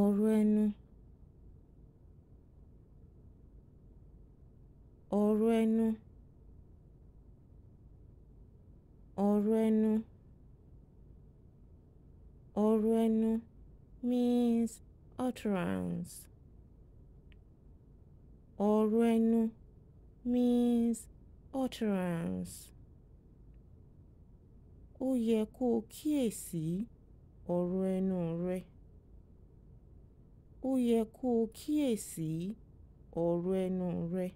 ọ̀rọ̀ ẹnu ọ̀rọ̀ ẹnu ọ̀rọ̀ ẹnu ọ̀rọ̀ ẹnu means utterance ọ̀rọ̀ ẹnu means utterance ó yẹ kó o kíyèsí ọ̀rọ̀ ẹnu ó yẹ kó o kíyè sí ọ̀rọ̀ ẹnu rẹ